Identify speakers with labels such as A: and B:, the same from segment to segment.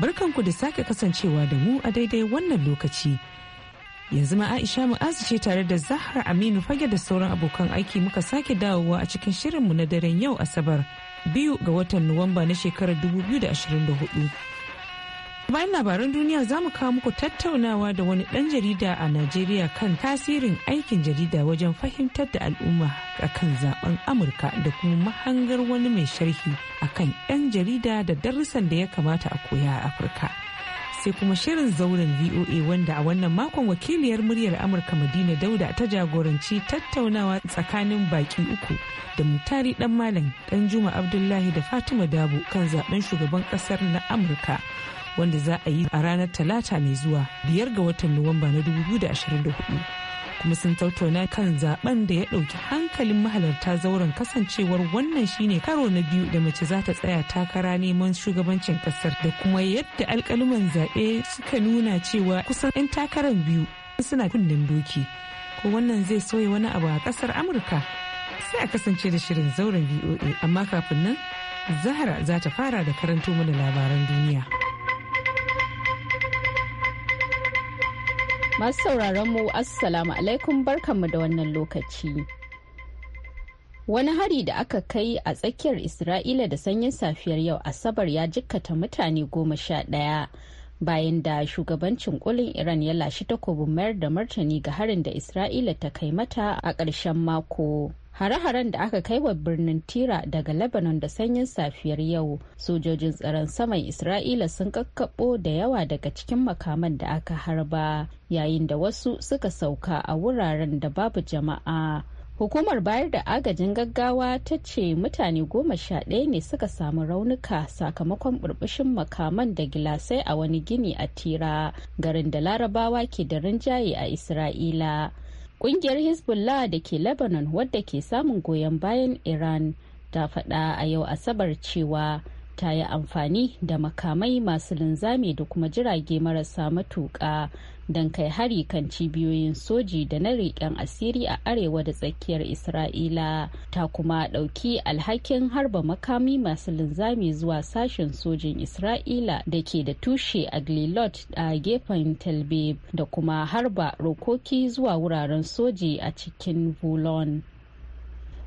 A: barkanku da sake kasancewa da mu a daidai wannan lokaci. Yanzu ma Aisha Mu'azu ce tare da zahar Aminu fage da sauran abokan aiki muka sake dawowa a cikin shirinmu na daren yau Asabar biyu ga watan Nuwamba na shekarar 2024. Bayan labaran duniya za mu kawo muku tattaunawa da wani ɗan jarida a Najeriya kan tasirin aikin jarida wajen fahimtar da al'umma a kan zaben Amurka da kuma mahangar wani mai sharhi a kan 'yan jarida da darussan da ya kamata a koya a Afirka. Sai kuma shirin zauren VOA wanda a wannan makon wakiliyar muryar Amurka Madina Dauda ta jagoranci tattaunawa tsakanin baki uku da Mutari Dan Malam Dan Juma Abdullahi da Fatima Dabo kan zaben shugaban ƙasar na Amurka. wanda za a yi a ranar talata mai zuwa biyar ga watan nuwamba na 2024 kuma sun tattauna kan zaben da ya ɗauki hankalin mahalarta zauren kasancewar wannan shine karo na biyu da mace za ta tsaya takara neman shugabancin kasar da kuma yadda alkaluman zaɓe suka nuna cewa kusan 'yan takarar biyu suna kunnen doki ko wannan zai soya wani abu a kasar amurka sai a kasance da shirin zauren voa amma kafin nan zahara za ta fara da karanto mana labaran duniya.
B: Masu sauraron mu Assalamu alaikum barkanmu da wannan lokaci. Wani hari da aka kai a tsakiyar Isra'ila da sanyin safiyar yau Asabar ya jikkata mutane goma sha ɗaya bayan da shugabancin kulin Iran ya lashe takobin mayar da martani ga harin da Isra'ila ta kai mata a ƙarshen mako. hare-haren da aka kai wa birnin tira daga lebanon da sanyin safiyar yau sojojin tsaron saman isra'ila sun kakkabo da yawa daga cikin makaman da aka harba yayin da wasu suka sauka a wuraren da babu jama'a hukumar bayar da agajin gaggawa ta ce mutane goma sha ɗaya ne suka samu raunuka sakamakon burbushin makaman da gilasai a wani gini a tira garin da larabawa ke da rinjaye a isra'ila Kungiyar Hezbollah da ke Lebanon wadda ke samun goyon bayan Iran ta faɗa a yau Asabar cewa ta yi amfani da makamai masu linzami da kuma jirage marasa matuƙa don kai hari kan cibiyoyin soji da na riƙen asiri a arewa da tsakiyar isra'ila ta kuma ɗauki alhakin harba makami masu linzami zuwa sashen sojin isra'ila da ke da tushe a glilot a gefen tel da kuma harba rokoki zuwa wuraren soji a cikin bulon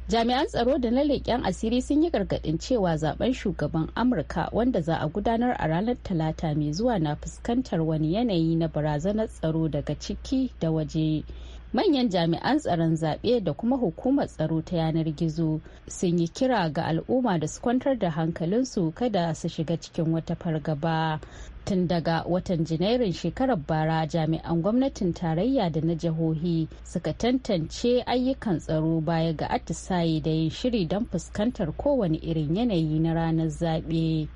B: jami'an tsaro da na leƙen asiri sun yi gargaɗin cewa zaben shugaban amurka wanda za a gudanar a ranar talata mai zuwa na fuskantar wani yanayi na barazanar tsaro daga ciki da waje manyan jami'an tsaron zaɓe da kuma hukumar tsaro ta yanar gizo sun yi kira ga al'umma da su kwantar da hankalinsu kada su shiga cikin wata fargaba tun daga watan janairun shekarar bara jami'an gwamnatin tarayya da na jihohi suka tantance ayyukan tsaro baya ga atisaye da yin shiri don fuskantar kowane irin yanayi na ranar zaɓe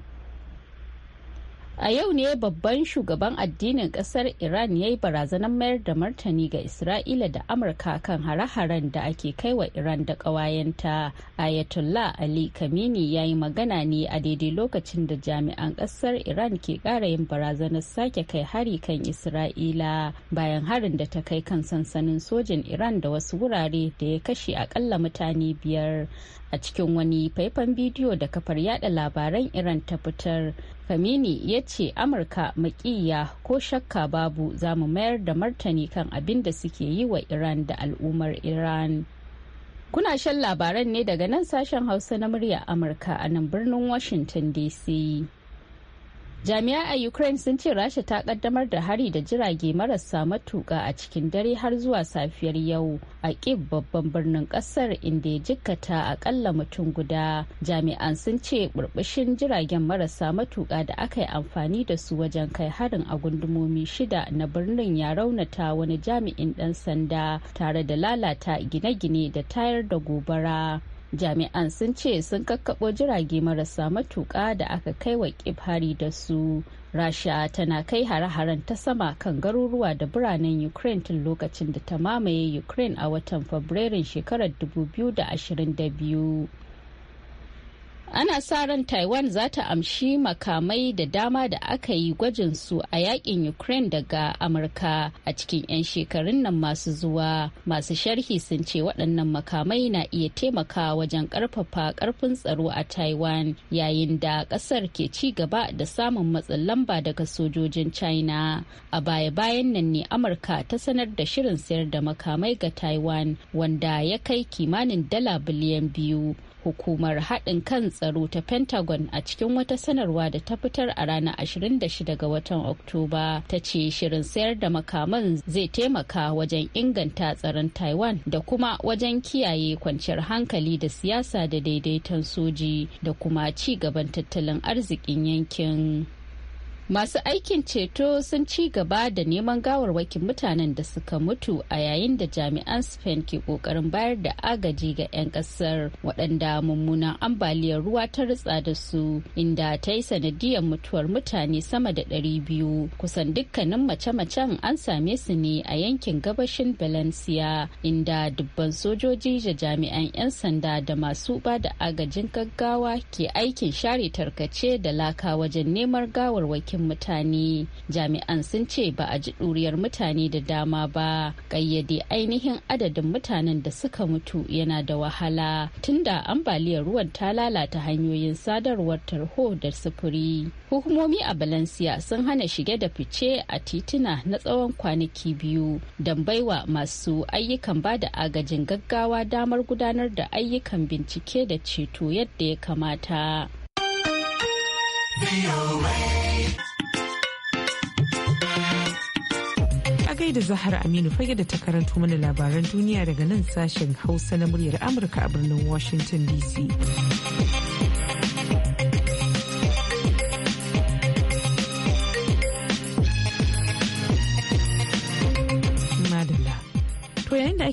B: A yau ne babban shugaban addinin kasar Iran ya yi barazanar mayar da martani ga Isra'ila da Amurka kan hare-haren da ake kai wa Iran da ƙawayenta. Ayatollah Ali Kamini ya yi magana ne a daidai lokacin da jami'an kasar Iran ke ƙara yin barazanar sake kai hari kan Isra'ila bayan harin da ta kai kan sansanin sojin Iran da wasu wurare da ya kashe akalla mutane biyar. a cikin wani faifan bidiyo da kafar yada labaran iran ta fitar kamini ya ce amurka makiya ko shakka babu za mu mayar da martani kan abin da suke yi wa iran da al'ummar iran kuna shan labaran ne daga nan sashen hausa na murya amurka a nan birnin washington dc jami'a a ukraine sun ce rasha ta kaddamar da hari da jirage marasa matuka a cikin dare har zuwa safiyar yau a kib babban birnin kasar inda ya jikkata akalla mutum guda jami'an sun ce burbushin jiragen marasa matuka da aka yi amfani da su wajen kai harin a gundumomi shida na birnin ya raunata wani jami'in dan sanda tare da lalata gine-gine da tayar da gobara jami'an sun ce sun kakkaɓo jirage marasa matuƙa da aka kai wa hari da su rasha tana kai hare-haren ta sama kan garuruwa da biranen ukraine tun lokacin da ta mamaye ukraine a watan fabrairun shekarar 2022 ana sa ran taiwan za ta amshi makamai da dama da aka yi gwajin su a yakin ukraine daga amurka a cikin 'yan shekarun nan masu zuwa masu sharhi sun ce waɗannan makamai na iya taimaka wajen ƙarfafa ƙarfin tsaro a taiwan yayin da ƙasar ke ci gaba da samun matsin lamba daga sojojin china a baya-bayan nan ne amurka ta sanar da shirin sayar da makamai ga taiwan wanda ya kai kimanin dala biliyan biyu hukumar haɗin kan tsaro ta pentagon a cikin wata sanarwa da ta fitar a ranar 26 ga watan oktoba ta ce shirin sayar da makaman zai taimaka wajen inganta tsaron taiwan da kuma wajen kiyaye kwanciyar hankali da siyasa da daidaiton soji da kuma ci gaban tattalin arzikin yankin masu aikin ceto sun ci gaba da neman gawarwakin mutanen da suka mutu a yayin da jami'an spain ke kokarin bayar da agaji ga 'yan kasar waɗanda mummunan ambaliyar ruwa ta ritsa da su inda ta yi sanadiyar mutuwar mutane sama da ɗari biyu kusan dukkanin mace-macen an same su ne a yankin gabashin valencia inda dubban sojoji da jami'an 'yan sanda da masu ba da agajin gaggawa ke aikin share tarkace da laka wajen neman gawarwakin hakkin mutane jami'an sun ce ba a ji ɗuriyar mutane da dama ba ƙayyade ainihin adadin mutanen da suka mutu yana da wahala tunda ambaliyar ruwan ta lalata hanyoyin sadarwar tarho da sufuri hukumomi a valencia sun hana shige da fice a tituna na tsawon kwanaki biyu don baiwa masu ayyukan ba da agajin gaggawa damar gudanar da ayyukan bincike da ceto yadda ya kamata A gaida
A: Zahar Aminu fage da ta karanto mana labaran duniya daga nan sashen Hausa na muryar Amurka a birnin Washington DC.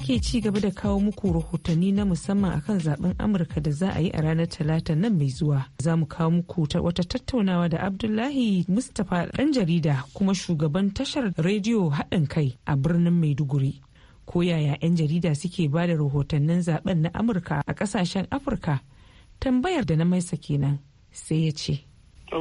A: ake ci gaba da kawo muku rahotanni na musamman akan zaben amurka da za a yi a ranar talata nan mai zuwa za mu kawo muku wata tattaunawa da abdullahi mustapha ɗan jarida kuma shugaban tashar rediyo haɗin kai a birnin maiduguri ko yaya 'yan jarida suke ba da rahotannin zaben na amurka a ƙasashen afirka tambayar da na maisa kenan sai ya ce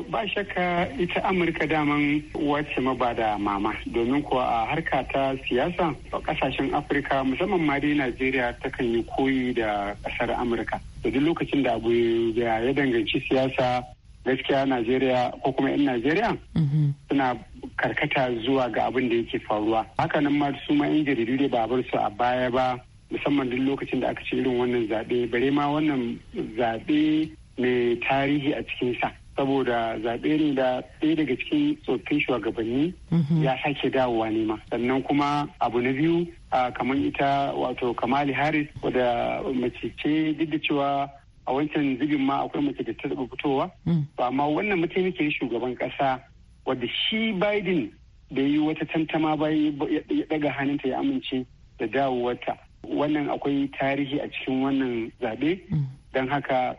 C: ba shakka ita amurka daman wacce ma ba da mama domin kuwa a harka ta siyasa a kasashen afirka musamman ma dai najeriya kan yi koyi da kasar amurka da duk lokacin da abu ya danganci siyasa gaskiya najeriya ko kuma 'yan najeriya mm-hmm. suna karkata zuwa ga abin da yake faruwa hakanan ma su ma 'yan jaridu dai ba bar su a baya ba musamman duk lokacin da aka ce irin wannan zaɓe bare ma wannan zaɓe mai tarihi a cikin sa saboda zaɓe ne da ɗaya daga cikin tsoffin shugabanni mhm. ya sake dawowa nema sannan kuma abu na biyu kamar ita wato kamali harris wadda mace ce duk da cewa a wancan zubin ma akwai mace da ta fitowa Ba mm. amma wannan mataimakin shugaban ƙasa wadda shi biden da yi wata tantama bayan ya ɗaga hannunta ya amince da dawowarta wannan akwai tarihi a cikin wannan zaɓe mm. don haka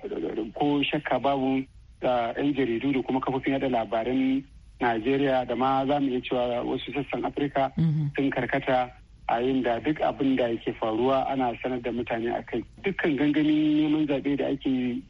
C: ko shakka babu 'yan jaridu da kuma kafofin yada labaran najeriya da ma za mu iya cewa wasu sassan afirka mhm. sun karkata a yin da duk abin da yake faruwa ana sanar da mutane a kai dukkan ganganin neman zaɓe da ake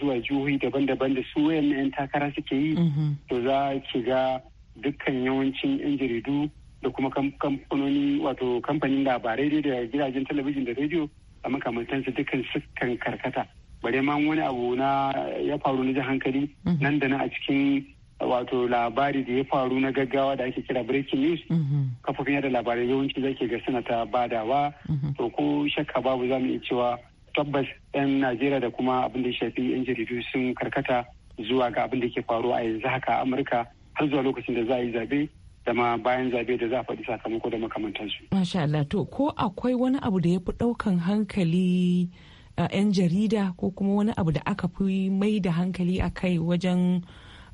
C: zuwa jihohi daban-daban da su wayan 'yan takara suke yi mhm. to za ki ga dukkan yawancin 'yan jaridu da kuma kamfanoni wato kamfanin labarai da gidajen talabijin da rediyo a makamantansu dukkan sukan karkata bare wani abu na ya faru na hankali mhm. nan da na a cikin wato labari da ya faru na gaggawa da ake kira breaking news mhm. kafofin yada labarai yawanci zake ga suna ta badawa mhm. to ko shakka babu za mu iya cewa tabbas 'yan najeriya da kuma abin da ya shafi 'yan jaridu sun karkata zuwa ga abin da ke faru a yanzu haka amurka har zuwa lokacin da za a yi zabe da ma bayan zabe da za a faɗi sakamako da makamantansu.
A: Masha Allah to ko akwai wani abu da ya fi ɗaukan hankali 'yan jarida ko kuma wani abu da aka fi mai da hankali a kai wajen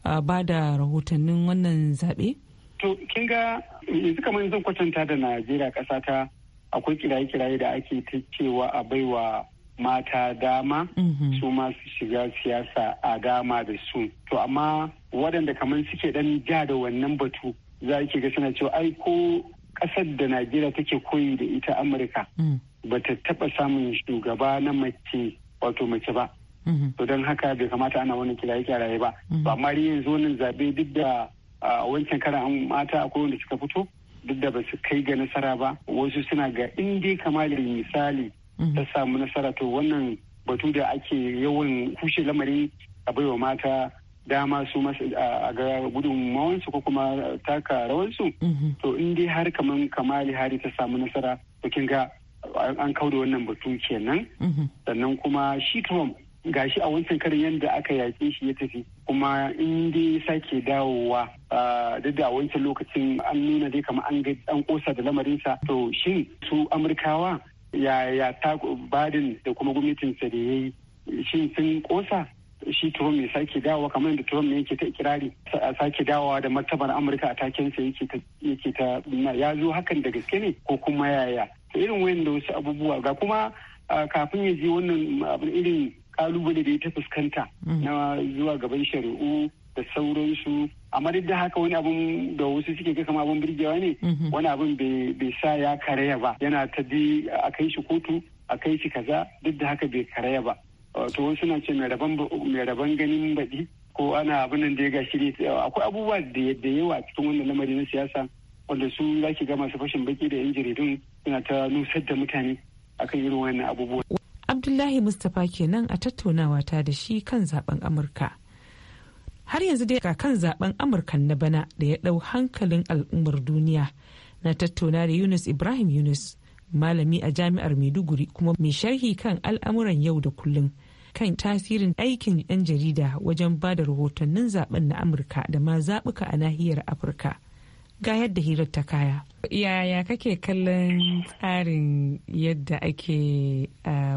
A: ba da rahotannin wannan zaɓe?
C: To, kin ga yanzu kamar zan kwatanta da Najeriya ƙasa ta akwai kiraye-kiraye da ake ta cewa a baiwa mata dama mhm. su masu shiga siyasa a dama da su. To, amma waɗanda kamar suke ɗan ja da wannan batu za ki ga suna cewa ai ko ƙasar da najeriya take koyi da ita amurka mm. ba ta taɓa samun shugaba na mace wato mace ba mm-hmm. to don haka bai kamata ana wani kiraye kiraye ba mm-hmm. ba ma yanzu wannan zaɓe duk da wancan karan mata a wanda suka fito duk da ba su kai ga nasara ba wasu suna ga in dai kamar misali mm-hmm. ta samu nasara to wannan batu da ake yawan kushe lamari a baiwa mata dama su a ga gudunmawansu ko kuma taka rawansu mm-hmm. to in dai har kamar kamali hari ta samu nasara to kin ga an da wannan batu kenan mm-hmm. sannan kuma shi ga shi a wancan karin yadda aka yaƙe shi ya tafi kuma in dai sake dawowa duk da wancan lokacin an nuna dai kamar an kosa da lamarinsa to shin su amurkawa ya ya ta badin da kuma gwamnatin sa da ya yi shin sun kosa shi Trump ya sake dawowa kamar yadda Trump ne yake ta ikirari a sake dawowa da martabar Amurka a takensa yake ta ya zo hakan da gaske ne ko kuma yaya irin wayan da wasu abubuwa ga kuma kafin ya je wannan abin irin kalubale da ya ta fuskanta mm. na zuwa gaban shari'u da sauransu amma duk da haka wani abun da wasu suke ga kama abun birgewa ne mm-hmm. wani abun bai sa ya karaya ba yana ta bi a kai shi kotu a kai shi kaza duk da haka bai karaya ba wato eh, wasu na ce mai rabon ganin baɗi ko ana abin da ya ga shiri eh, akwai abubuwa da yawa cikin wannan lamari na siyasa wanda su za ki ga masu fashin baki da yan jaridun suna ta nusar da mutane akan irin wannan abubuwa.
A: Abdullahi Mustapha kenan a tattaunawa ta da shi kan zaben Amurka. Har yanzu dai kan zaben Amurka na bana da ya ɗau hankalin al'ummar duniya na tattauna da Yunus Ibrahim Yunus malami a jami'ar maiduguri kuma mai sharhi kan al'amuran yau da kullum kan tasirin aikin 'yan jarida wajen ba da rahotannin zaben na amurka da ma zaɓuka a nahiyar afirka ga yadda hirar ta kaya yaya kake kallon tsarin yadda ake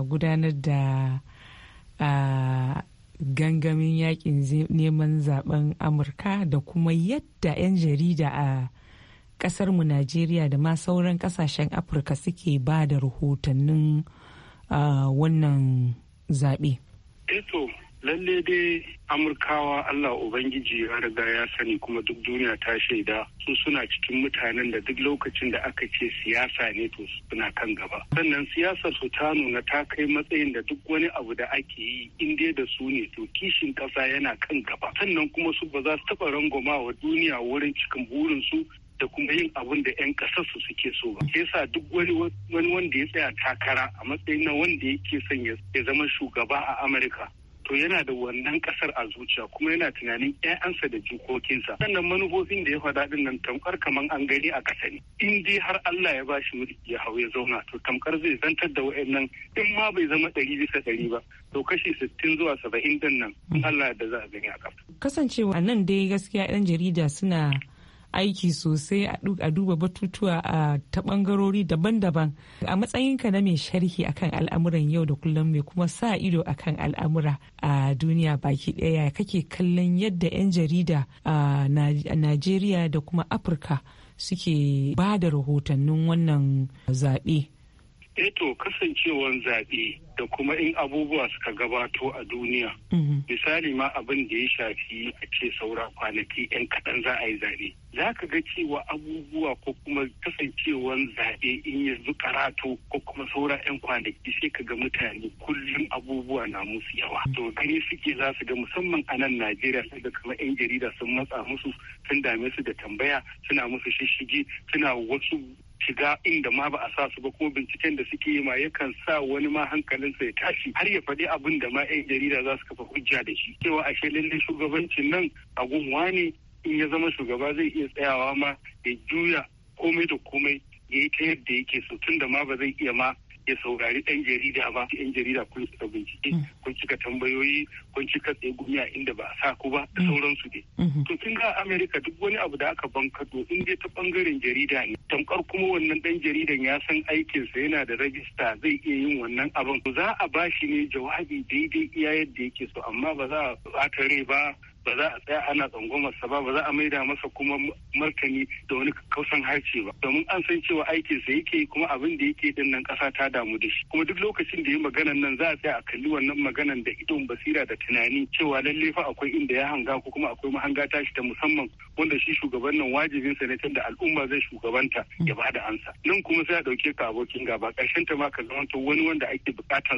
A: gudanar da gangamin yakin neman zaben amurka da kuma yadda 'yan jarida a kasarmu najeriya da ma sauran kasashen afirka suke ba da rahotannin wannan zaɓe.
C: eto eh lalle dai amurkawa allah ubangiji ya riga ya sani kuma duk duniya ta shaida su suna cikin mutanen da duk lokacin da aka ce siyasa ne to suna kan gaba sannan siyasar su ta nuna ta kai matsayin da duk wani abu da ake yi in dai da su ne to kishin kasa yana kan gaba sannan kuma su ba za su taba rangwama wa duniya wurin cikin burinsu? da kuma yin abin da 'yan kasarsu suke so ba. Ke sa duk wani wanda ya tsaya takara a matsayin na wanda yake son ya zama shugaba a Amurka. To yana da wannan kasar a zuciya kuma yana tunanin 'ya'yansa da jikokinsa. Sannan manufofin da ya faɗa ɗin nan tamkar kamar an gani a ƙasa ne. In dai har Allah ya bashi mulki ya hau ya zauna to tamkar zai zantar da wa'annan in ma bai zama ɗari bisa ɗari ba. To kashi sittin zuwa saba'in ɗin nan Allah da za a gani a ƙasa.
A: Kasancewa nan dai gaskiya 'yan jarida suna aiki sosai a duba batutuwa a ta bangarori daban-daban a matsayinka na mai sharhi akan al'amuran yau da kullum mai kuma sa ido akan al'amura a duniya baki ɗaya kake kallon yadda 'yan jarida a najeriya da kuma afirka suke ba da rahotannin wannan zaɓe
C: eto eh kasancewan zaɓe da kuma in abubuwa suka gabato a duniya mhm. misali ma abin da ya shafi a ce saura kwanaki 'yan kaɗan za a yi zaɓe za ka ga cewa abubuwa ko kuma kasancewan zaɓe in yanzu karatu ko kuma saura 'yan kwanaki sai ka ga mutane kullum abubuwa na musu yawa to gani suke za su ga musamman a nan najeriya sai ga kamar 'yan jarida sun matsa musu sun dame su da tambaya suna musu shishigi suna wasu shiga inda ma ba a sa su ba kuma binciken da suke yi ma yakan sa wani ma hankalinsa ya tashi har ya faɗi abin da ma 'yan jarida za su kafa hujja da shi cewa ashe lallai shugabancin nan a gunwa ne in ya zama shugaba zai iya tsayawa ma ya juya komai da komai ya yi ta yadda yake so tun da ma ba zai iya ma ya saurari ɗan jarida ba ɗan jarida kun cika bincike mm. kun cika tambayoyi kun cika tsegumi a inda ba a sa ku ba da mm. sauransu ne. Mm-hmm. to kin ga amerika duk wani abu da aka bankato in dai ta bangaren jarida ne tamkar kuma wannan ɗan jaridan ya san aikinsa yana da rajista zai iya yin wannan abin za a bashi ne jawabi daidai iya yadda yake so amma ba za a ɓata rai ba ba za a tsaya ana sa ba ba za a maida masa kuma markani da wani kausan harce ba domin an san cewa aikin sa yake kuma abin da yake din nan kasa ta damu da shi kuma duk lokacin da ya maganan nan za a tsaya a kalli wannan maganan da idon basira da tunani cewa lalle fa akwai inda ya hanga ko kuma akwai mahanga tashi ta musamman wanda shi shugaban nan wajibin sa ne da al'umma zai shugabanta ya ba da ansa nan kuma sai a dauke ka abokin gaba karshen ta ma ka zamanto wani wanda ake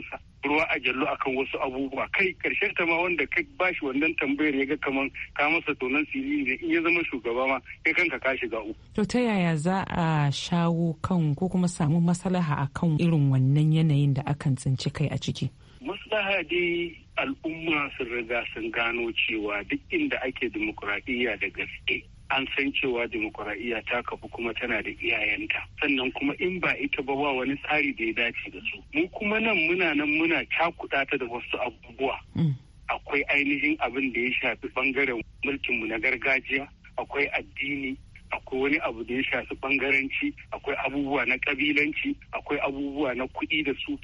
C: sa. ruwa a jallo akan wasu abubuwa kai karshen ta ma wanda kai bashi wannan tambayar ya kamar kaman ka masa tonon sirri ne in ya zama shugaba ma kai kanka ka shiga uku.
A: To ta yaya za a shawo kan ko kuma samu maslaha kan irin wannan yanayin da akan tsinci kai a ciki?
C: Maslaha dai al'umma sun riga sun gano cewa duk inda ake dimokuraɗiyya da gaske an san cewa demokuraɗiyya ta kafu kuma tana da iyayenta sannan kuma in ba ita ba ba wani tsari da ya dace da su mu kuma nan muna nan muna cakuɗa ta da wasu abubuwa mm. akwai ainihin abin da ya shafi bangaren mulkinmu na gargajiya akwai addini akwai wani abu da ya shafi bangaranci akwai abubuwa na kabilanci akwai abubuwa na kuɗi da su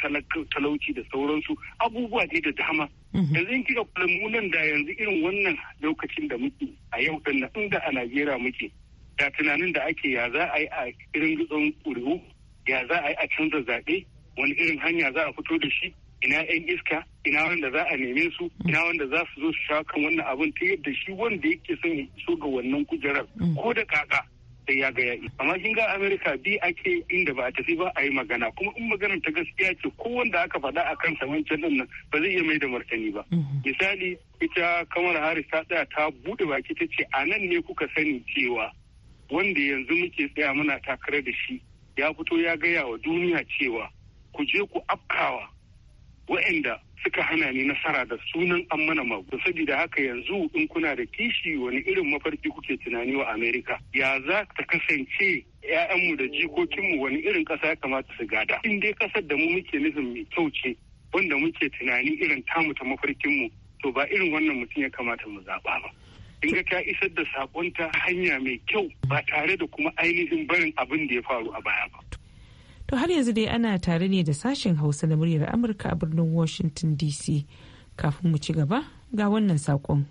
C: talauci da sauransu abubuwa ne da dama mhm. yanzu in kika kula nan da yanzu irin wannan lokacin da muke a yau da inda a Najeriya muke da tunanin da ake ya za a yi a irin gutsun ƙuri'u ya za a yi a canza zaɓe wani irin hanya za a fito da shi ina yan iska ina wanda za a neme su ina wanda za su zo su sha kan wannan abun ta yadda shi wanda yake son so ga wannan kujerar ko da kaka sai ya ga yaƙi amma kin ga america bi ake inda ba a tafi ba a yi magana kuma in maganar ta gaskiya ce ko wanda aka faɗa a kan wancan nan ba zai iya mai da martani ba mhm. misali ita kamar harris ta tsaya ta buɗe baki ta ce a nan ne kuka sani cewa wanda yanzu muke tsaya muna takarar da shi ya fito ya gaya wa duniya cewa ku je ku afkawa waɗanda suka hana ni nasara da sunan an mana magu saboda haka yanzu in kuna da kishi wani irin mafarki kuke tunani wa amerika ya za ta kasance ‘ya'yanmu da jikokinmu wani irin kasa ya kamata su gada in dai kasar da mu muke nufin mai kyau ce wanda muke tunani irin tamu ta mafarkinmu to ba irin wannan mutum ya kamata mu zaɓa ba in ga ta isar da sakon ta hanya mai kyau ba tare da kuma ainihin barin abin da ya faru a baya ba
A: To har yanzu dai ana tare ne da sashen Hausa na muryar Amurka a birnin Washington DC. Kafin mu ci gaba ga wannan saƙon.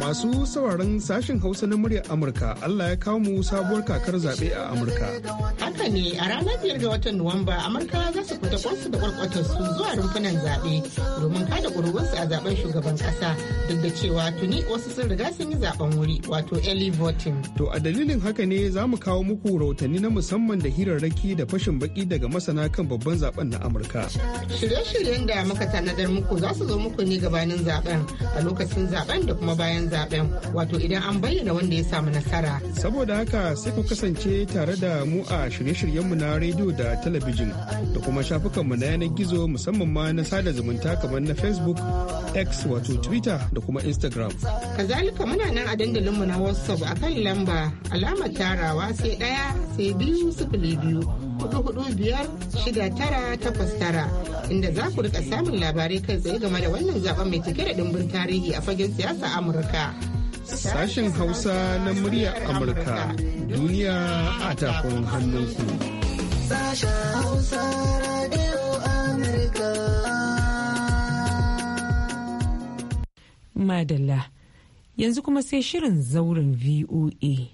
C: Masu sauraron sashen Hausa na muryar Amurka Allah ya kawo mu sabuwar kakar zaɓe a Amurka.
D: haka ne a ranar biyar ga watan Nuwamba Amurka za su fita kwansu da su zuwa rumfunan zaɓe domin kada ƙuri'unsu a zaɓen shugaban ƙasa duk da cewa tuni wasu sun riga sun yi zaɓen wuri wato early voting.
C: To a dalilin haka ne za mu kawo muku rahotanni na musamman da hirarraki da fashin baki daga masana kan babban zaben na Amurka.
D: Shirye-shiryen da muka tanadar muku za su zo muku ne gabanin zaben a lokacin zaben da kuma bayan zaben wato idan an bayyana wanda ya samu nasara.
C: Saboda haka sai ku kasance tare da mu a shirye-shiryenmu na rediyo da talabijin da kuma shafukan mu na yanar gizo musamman ma na sada zumunta kamar na facebook x wato twitter da kuma instagram
D: kazalika muna nan a dandalinmu na whatsapp a kan lamba alamar tarawa sai ɗaya sai biyu sifili biyu hudu hudu biyar shida tara takwas tara inda za ku rika samun labarai kai tsaye game da wannan zaben mai cike da dimbin tarihi a fagen siyasa amurka
C: Sashen Hausa na murya Amurka duniya a tafin hannunku.
A: Madalla, yanzu kuma sai shirin zauren VOA.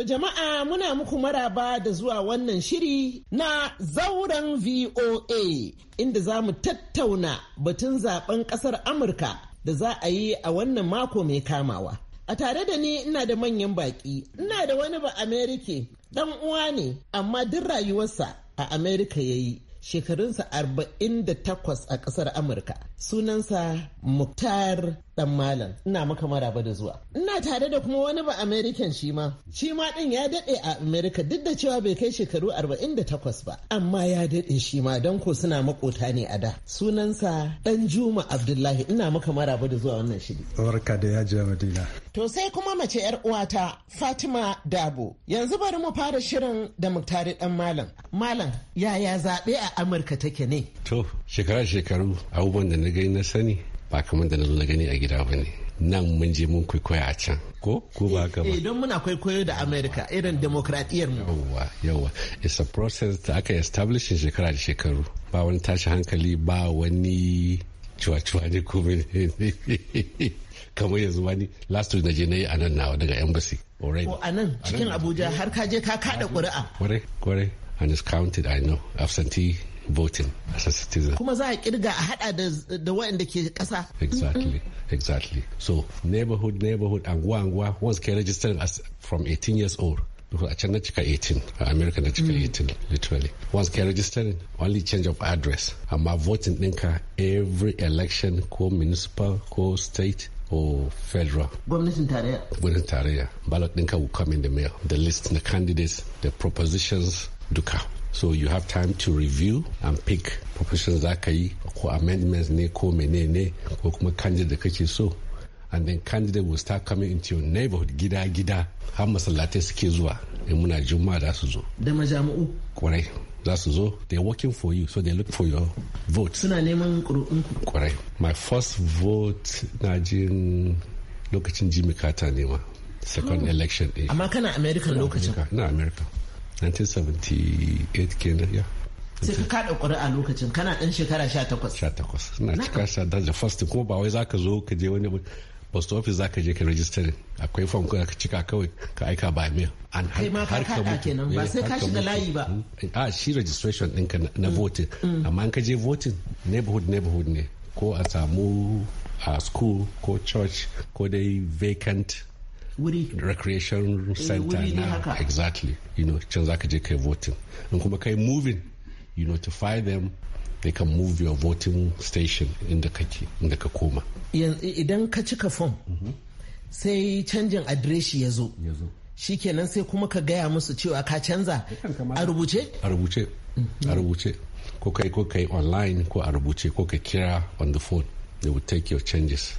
E: To jama'a muna muku maraba da zuwa wannan shiri na zauren VOA inda za mu tattauna batun zaben kasar Amurka da za a yi a wannan mako mai kamawa. A tare da ni ina da manyan baki, ina da wani ba Amerika dan uwa ne amma duk rayuwarsa a Amerika ya yi. Shekarunsa 48 a ƙasar Amurka. Sunansa Muktar dan malam ina maka maraba da zuwa ina tare da kuma wani ba american shi ma shi ma din ya dade a america duk da cewa bai kai shekaru 48 ba amma ya dade shi ma dan ko suna makota ne a da sunansa dan juma abdullahi ina maka maraba da zuwa wannan shiri
F: barka da yaji madina
E: to sai kuma mace yar uwata fatima dabo yanzu bari mu fara shirin da muktari dan malam malam yaya zabe a amurka take ne
G: to shekara shekaru abubuwan da na gani na sani ba kamar da na zo na gani a gida ba ne nan mun je mun kwaikwaya a can ko ko ba ka ba
E: idan eh, muna kwaikwayo da america irin demokradiyyar mu
G: yawa yawa it's a process da aka establish shekara da shekaru ba wani tashi hankali ba wani cuwa-cuwa ne ko kamar yanzu wani last week na je na yi anan nawa daga embassy already ko anan cikin abuja
E: har ka je ka kada ƙuri'a
G: kwarai kwarai and it's counted i know absentee voting as a citizen.
E: Kuma za a kirga a hada da waɗanda ke ƙasa. Exactly,
G: exactly. So neighborhood, neighborhood, anguwa, anguwa, once ke register, as from 18 years old. Because a can na cika 18, American America na cika mm. 18, literally. Once ka register, only change of address. Amma voting ɗinka every election ko municipal ko state or federal.
E: Gwamnatin tarayya.
G: Gwamnatin tarayya. Ballot ɗinka will come in the mail. The list, the candidates, the propositions duka. so you have time to review and pick profession za ka yi ko amendments ne ko menene ko kuma candidate da kake so and then candidate will start coming into your neighborhood gida gida har masallatai suke zuwa in muna juma'a za su zo da majami'u kwarai za su zo they are working for you so they look for your vote suna neman ƙuri'un kwarai my first vote na jin lokacin jimmy carter ne second oh. election eh. amma kana american lokacin na american 1978 kenan ya
E: sai ka kada ƙuri'a lokacin kana ɗan shekara 18
G: 18 na cika sha daji the first kuma ba wai zaka zo ka je wani post office za ka je ka register akwai form ka ka cika kawai ka aika ba mai an har ka mutu kenan ba eh, sai ka shiga layi ba hmm. a ah, shi registration ɗinka na mm. voting mm. amma in ka je voting neighborhood neighborhood ne ko a samu a school ko church ko dai vacant wuri recreation eh, center wuri na haka. exactly you know can zaka je kai voting in kuma kai moving you notify them they can move your voting station inda kake inda ka koma
E: idan ka cika form mhm. sai canjin adireshi ya zo shikenan sai kuma ka gaya musu cewa ka canza
G: a rubuce a rubuce a rubuce ko kai ko kai online ko a rubuce ko ka kira on the phone they will take your changes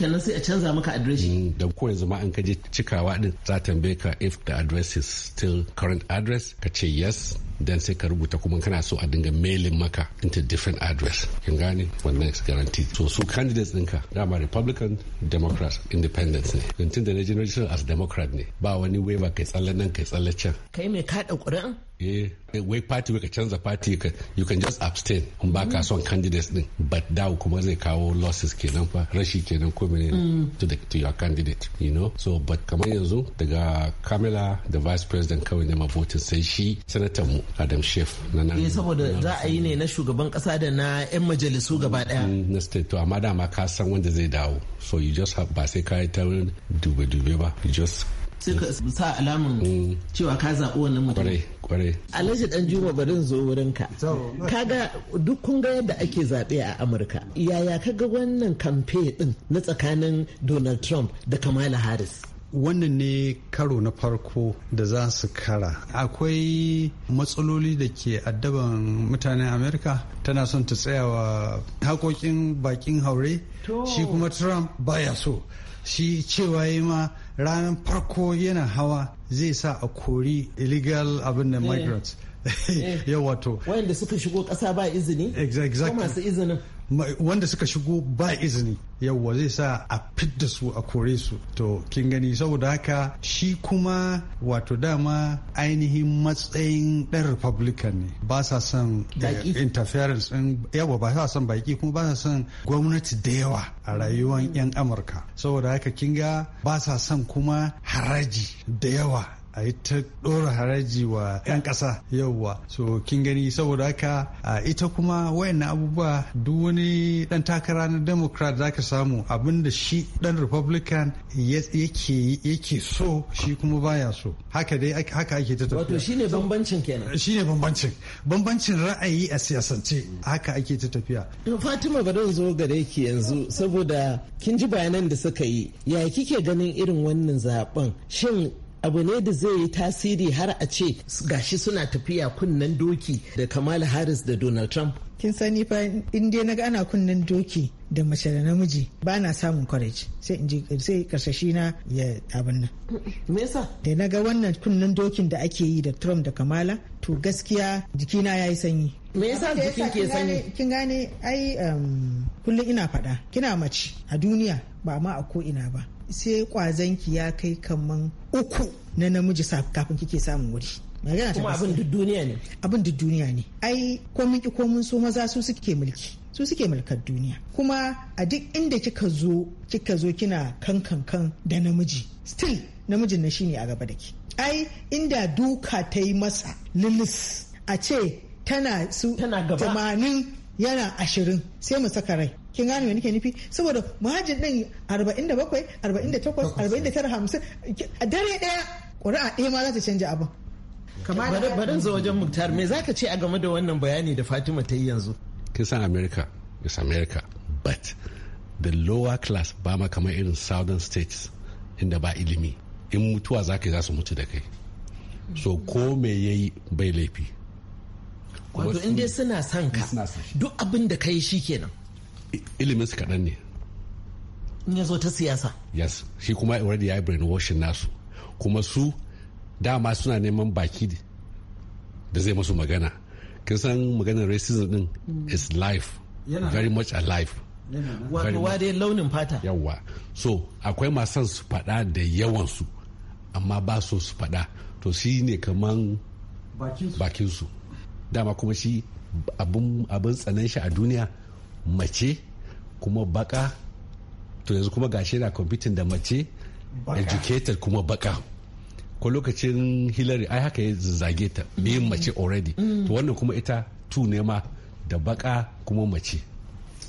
G: nan sai a canza maka adireshi. Mm, da ko yanzu ma an je cikawa din za tambaye ka if the address is still current address ka ce yes dan sai ka rubuta kuma kana so a dinga mailin maka into different address kin gane wannan is guaranteed so su candidates dinka dama republican democrat independent ne tun da na as democrat ne ba wani waiver kai tsalle nan kai tsalle can
E: kai mai kaɗa ƙuri'an
G: Eh, eh wai party ka canza party you can just abstain in ba ka son candidates din but da kuma zai kawo losses kenan fa rashi kenan ko menene to the to your candidate you know so but kamar yanzu daga Kamala da vice president kawai ne vote sai shi senator mu Adam Shef na nan eh saboda za a yi
E: ne na shugaban kasa da na yan majalisu
G: gaba daya mm, na state to amma dama ka san wanda zai dawo so you just have ba sai ka yi ta dube-dube ba you just sai ka sa alamun mm. cewa ka zaɓi wannan mutum kwarai
E: alhaji dan juma barin zo wurin ka kaga duk kun ga yadda ake zaɓe a amurka yaya ka ga wannan kamfe ɗin na tsakanin donald trump da kamala harris
F: wannan ne karo na farko da za su kara
E: akwai
F: matsaloli da ke addaban mutanen amerika tana son ta tsayawa haƙoƙin bakin haure shi kuma trump baya so shi cewa yi ma ranar farko yana hawa zai sa a kori illegal abin da eh. migrants eh. yawa to wayanda suka shigo kasa ba izini exactly masu izinin wanda suka shigo ba izini yauwa zai sa a fidda su a kore su to kin gani saboda haka shi kuma wato dama ainihin matsayin dan republican ne ba sa son eh, interference din yawa ba sa son baki kuma ba sa son gwamnati da yawa a rayuwar yan mm. amurka saboda haka kin ga ba sa son kuma haraji da yawa a yi ta ɗora haraji wa 'yan ƙasa yauwa so kin gani saboda haka a ita kuma wayannan abubuwa duk wani ɗan takara na democrat zaka samu abin da shi ɗan republican yake so shi kuma baya so haka dai haka ake ta tafiya wato shine bambancin kenan shine bambancin bambancin ra'ayi a siyasance haka ake ta tafiya
E: fatima ba zan zo gare ki yanzu saboda kin ji bayanan da suka yi ya kike ganin irin wannan zaben shin abu ne da zai yi tasiri har a ce gashi suna tafiya kunnen doki da kamala harris da donald trump
D: kin sani fa in dai naga ana kunnen doki da mace da namiji ba na samun courage sai in ji sai karsashi na ya abin nan me yasa da naga wannan kunnen dokin da ake yi da Trump da Kamala to gaskiya jikina yayi sanyi me yasa jikin ke sanyi kin gane ai um, kullum ina faɗa kina mace a duniya ba ma a ko ina ba sai kwazanki ya kai kaman uku na namiji kafin kike samun wuri magana ta abin duk duniya ne abin duk duniya ne ai ko mun ki ko mun so maza su suke mulki su suke mulkar duniya kuma a duk inda kika zo kika zo kina kankan kan da namiji still namijin na shine a gaba da ki ai inda duka ta yi masa lilis a ce tana su gaba yana ashirin sai mu saka rai kin gane me nake nufi saboda muhajin din 47 48 49 50 a dare daya ƙuri'a ɗaya ma za ta canja abin barin zo wajen
E: muktar me
G: zaka ce a game da wannan bayani da fatima ta yi yanzu kin san america is america but the lower class ba ma kamar irin southern states inda ba ilimi in mutuwa za ka yi za su mutu da kai so ko me ya yi bai laifi wato in dai
E: suna son ka duk abin da ka yi shi kenan
G: ilimin su kaɗan ne ya zo ta siyasa yes shi kuma already ya yi brainwashing nasu kuma su dama suna neman baki da zai masu magana kin san maganar racism din is life very much alive
F: Wa dai
G: launin fata Yawwa so akwai masu su faɗa da yawansu amma ba so su faɗa to shi ne kaman bakinsu dama kuma shi abin tsanan shi a duniya mace kuma baka to yanzu kuma gashi yana kwamfitin da mace educated kuma baka ko lokacin hillary ai haka ya zage ta me mm. mace already mm. to wannan kuma ita tu ne ma da baka kuma mace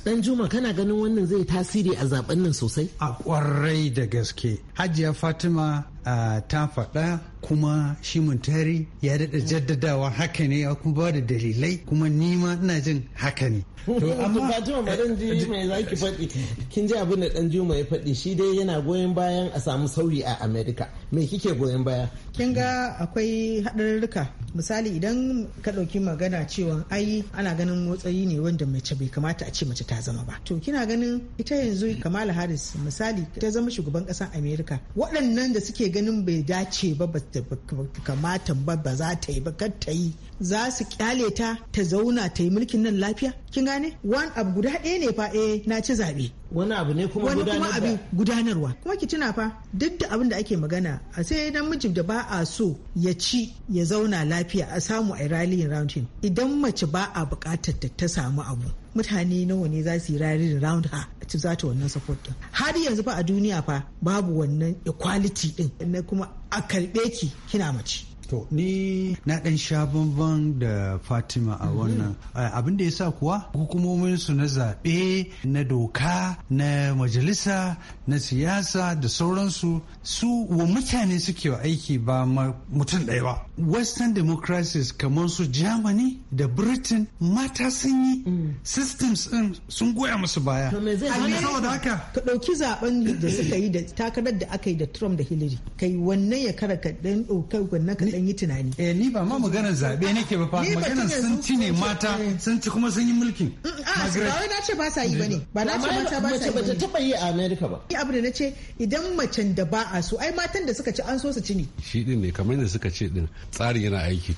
E: dan juma kana ganin wannan zai tasiri a zaben nan sosai a kwarai da gaske
F: hajiya fatima ah, ta faɗa kuma shi tari ya daɗa jaddadawa haka ne ya kuma ba da dalilai kuma nima ina jin haka ne. To amma ji mai
E: faɗi kin ji abin da dan Juma ya faɗi shi dai yana goyon bayan a samu
D: sauyi a Amerika me kike goyon baya? Kin ga akwai haɗarurruka misali idan ka ɗauki magana cewa ai ana ganin motsayi ne wanda mace bai kamata a ce mace ta zama ba. To kina ganin ita yanzu Kamala Harris misali ta zama shugaban ƙasar Amerika waɗannan da suke ganin bai dace ba da kamata ba ba za ta yi ba kar ta yi za su kyale ta ta zauna ta yi mulkin nan lafiya kin gane wani abu guda ɗaya ne fa eh na ci zaɓe
E: wani abu ne kuma wani kuma
D: gudanarwa kuma ki tuna fa duk da abin da ake magana a sai mijin da ba a so ya ci ya zauna lafiya a samu a rally round him idan mace ba a bukatar ta samu abu mutane nawa ne za su yi rally round a ci za ta wannan support din har yanzu fa a duniya fa babu wannan equality din na kuma a karbe ki kina mace To ni na ɗan sha
F: banban da Fatima a mhm. wannan abin da ya sa kuwa hukumomin na zaɓe na doka na majalisa na siyasa da sauransu su wa mutane suke wa aiki ba mutum ɗaya ba. Western democracies kamar su Germany da Britain mata sun yi mm. systems ɗin sun goya musu baya. Ka
D: ɗauki zaben da suka yi da takarar da aka yi da Trump da Hillary. Kai wannan ya kara ka ɗan ɗaukar wannan ka dan yi tunani eh ni ba ma maganar
F: zabe nake ba fa maganar sun ci ne mata eh. sun ci kuma sun yi mulkin mm, mm, a ah, ba wai na ce ba
D: sa yi bane ba na ce mata ba sa yi ba ta taba yi a America ba ni abu da nace idan macen da ba a so ai matan da suka ci an so su ci ne
G: shi din ne kamar da suka ce din tsari yana aiki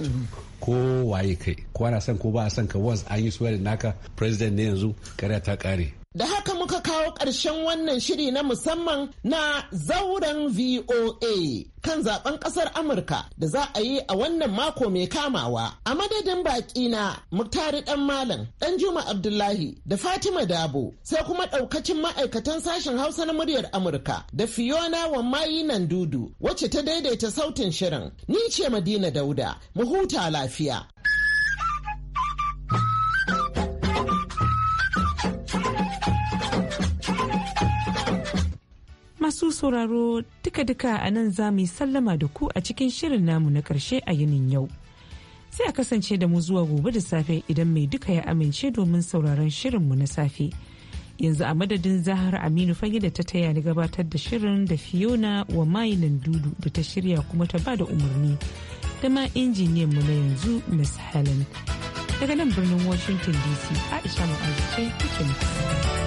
G: ko waye kai ko ana son ko ba a son ka was an yi suwarin naka president ne yanzu kare ta kare
E: Da haka muka kawo ƙarshen wannan shiri na musamman na zauren VOA kan zaben ƙasar Amurka da za a yi a wannan mako mai kamawa. A madadin baƙi na Muktari ɗan Malam, ɗan Juma Abdullahi da Fatima Dabo, sai kuma ɗaukacin ma'aikatan sashen Hausa na muryar Amurka da Fiona Wammayi Nandudu, wacce ta daidaita sautin shirin. Ni ce Madina Dauda, mu huta lafiya. masu
A: sauraro duka-duka a nan za mu yi sallama da ku a cikin shirin namu na karshe a yinin yau. Sai a kasance da mu zuwa gobe da safe idan mai duka ya amince domin sauraron shirin mu na safe. Yanzu a madadin Zahar Aminu fage da ta taya ni gabatar da shirin da Fiona wa mayinan dudu da ta shirya kuma ta ba da umarni. Da ma injiniyan mu na yanzu Miss Helen. Daga nan birnin Washington DC, Aisha Mu'azu ce take muku.